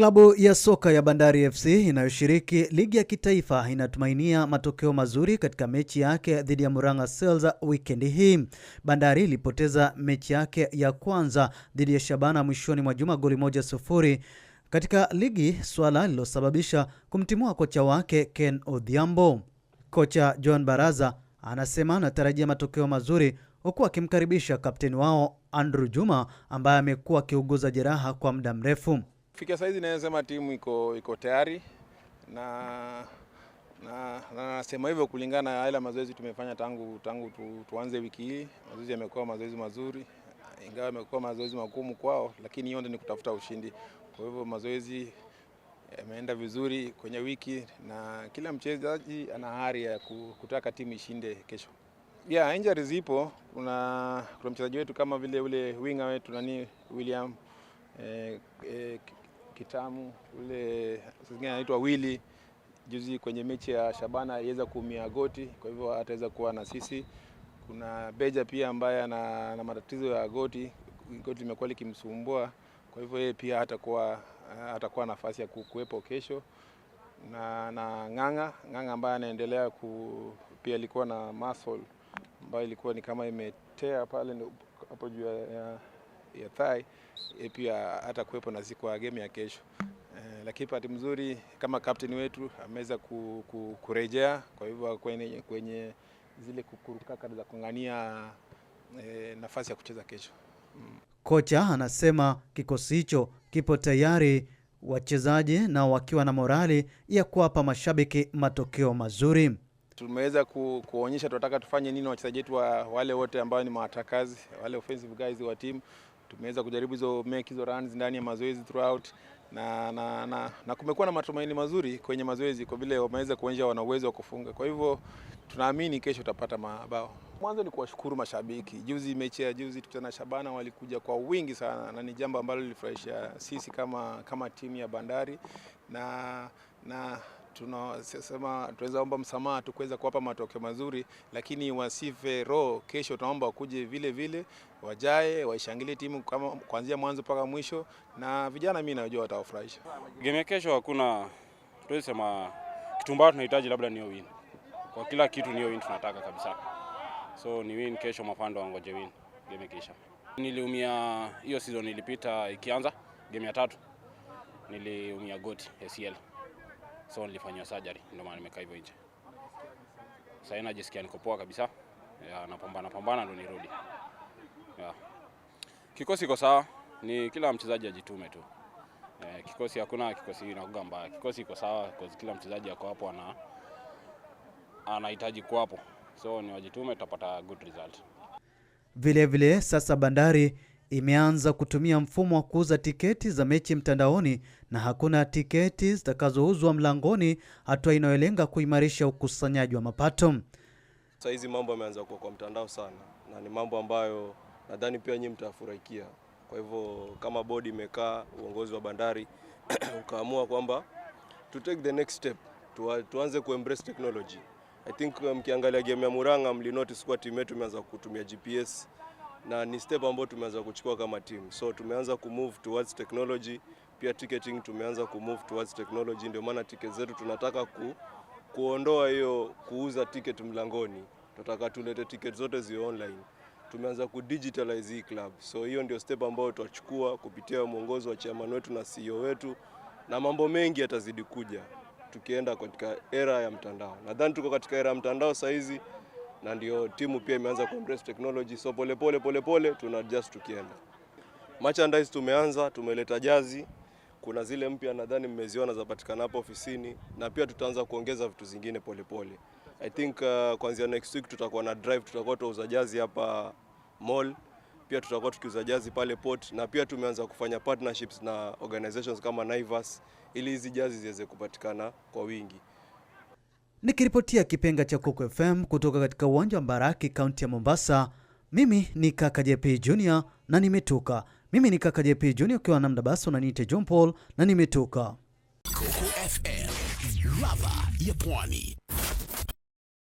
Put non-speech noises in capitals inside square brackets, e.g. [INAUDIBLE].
Klabu ya soka ya Bandari FC inayoshiriki ligi ya kitaifa inatumainia matokeo mazuri katika mechi yake dhidi ya Murang'a Seals wikendi hii. Bandari ilipoteza mechi yake ya kwanza dhidi ya Shabana mwishoni mwa juma goli moja sufuri katika ligi, swala lililosababisha kumtimua kocha wake Ken Odhiambo. Kocha John Baraza anasema anatarajia matokeo mazuri huku akimkaribisha kapteni wao Andrew Juma ambaye amekuwa akiuguza jeraha kwa muda mrefu kufikia hizi naweza sema timu iko iko tayari na na nasema hivyo kulingana na yale mazoezi tumefanya tangu tangu tu, tuanze wiki hii. Mazoezi yamekuwa mazoezi mazuri, ingawa yamekuwa mazoezi magumu kwao, lakini yote ni kutafuta ushindi. Kwa hivyo mazoezi yameenda vizuri kwenye wiki na kila mchezaji ana hari ya kutaka timu ishinde kesho. Yeah, injuries zipo. Kuna, kuna mchezaji wetu kama vile ule winga wetu nani William eh, eh, Kitamu, ule mwingine anaitwa Willy juzi kwenye mechi ya Shabana aliweza kuumia goti, kwa hivyo ataweza kuwa na sisi. Kuna Beja pia ambaye ana, na matatizo ya goti, goti limekuwa likimsumbua, kwa hivyo yeye pia atakuwa atakuwa nafasi ya kuwepo kesho na, na Ng'ang'a Ng'ang'a ambaye anaendelea ku, pia alikuwa na muscle ambayo ilikuwa ni kama imetea pale hapo juu ya ya thai eh, pia hata kuwepo na ziko ya game ya kesho e, lakini pati mzuri kama captain wetu ameweza ku, ku, kurejea kwa hivyo kwenye, kwenye zile kukurukakara za kung'ania e, eh, nafasi ya kucheza kesho mm. Kocha anasema kikosi hicho kipo tayari wachezaji nao wakiwa na morali ya kuwapa mashabiki matokeo mazuri. Tumeweza ku, kuonyesha tunataka tufanye nini wachezaji wetu wa, wale wote ambao ni matakazi wale offensive guys wa timu tumeweza kujaribu hizo make hizo runs ndani ya mazoezi throughout na, na, na, na kumekuwa na matumaini mazuri kwenye mazoezi kwa vile wameweza kuonyesha wana uwezo wa kufunga. Kwa hivyo tunaamini kesho utapata mabao. Mwanzo ni kuwashukuru mashabiki. Juzi mechi ya juzi na Shabana walikuja kwa wingi sana, na ni jambo ambalo lilifurahisha sisi kama, kama timu ya Bandari na, na tunasema tunaweza omba msamaha tu kuweza kuwapa matokeo mazuri, lakini wasife roho. Kesho tunaomba wakuje vile vile, wajae waishangilie timu kama kuanzia mwanzo mpaka mwisho, na vijana mimi najua watawafurahisha. Game ya kesho hakuna tuwezi sema kitu mbaya, tunahitaji labda ni win kwa kila kitu, ni win tunataka kabisa, so ni win kesho. Mapando wangoje win game kisha. Niliumia hiyo season ilipita, ikianza game ya tatu niliumia goti ACL so nilifanywa surgery, ndio maana nimekaa hivyo nje. Sasa hivi najisikia niko poa kabisa, napambana pambana ndo nirudi. Kikosi iko sawa, ni kila mchezaji ajitume tu. Eh, kikosi hakuna kikosi inakuga mbaya, kikosi iko sawa, kila mchezaji ako hapo ana anahitaji kuwapo, so ni wajitume, tutapata good result. Vilevile vile, sasa Bandari imeanza kutumia mfumo wa kuuza tiketi za mechi mtandaoni na hakuna tiketi zitakazouzwa mlangoni, hatua inayolenga kuimarisha ukusanyaji wa mapato. Sasa hizi mambo yameanza kuwa kwa mtandao sana, na ni mambo ambayo nadhani pia nyinyi mtafurahikia. Kwa hivyo kama bodi imekaa, uongozi wa bandari [CLEARS THROAT] ukaamua kwamba to take the next step, tuanze ku embrace technology. I think mkiangalia game ya Muranga mlinotice kuwa timu yetu imeanza kutumia GPS na ni step ambayo tumeanza kuchukua kama team. So tumeanza move towards technology, pia ticketing tumeanza move towards technology. Ndio maana ticket zetu tunataka ku, kuondoa hiyo kuuza ticket mlangoni, tunataka tulete ticket zote zi online. Tumeanza digitalize hii club, so hiyo ndio step ambayo tutachukua kupitia mwongozo wa chairman wetu na CEO wetu, na mambo mengi yatazidi kuja tukienda katika era ya mtandao. Nadhani tuko katika era ya mtandao saizi na ndio timu pia imeanza embrace technology, so polepole polepole tuna adjust tukienda. Merchandise tumeanza, tumeleta jazi, kuna zile mpya nadhani mmeziona zapatikana hapo ofisini, na pia tutaanza kuongeza vitu zingine polepole pole. I think uh, kuanzia next week tutakuwa na drive, tutakuwa tuuza jazi hapa mall, pia tutakuwa tukiuza jazi pale port, na pia tumeanza kufanya partnerships na organizations kama Naivas ili hizi jazi ziweze kupatikana kwa wingi. Nikiripotia kipenga cha Coco FM kutoka katika uwanja wa Mbaraki, kaunti ya Mombasa, mimi ni kaka JP Junior na nimetoka. Mimi ni kaka JP Junior, ukiwa na basi unaniita John Paul na nimetoka Coco FM, ladha ya pwani.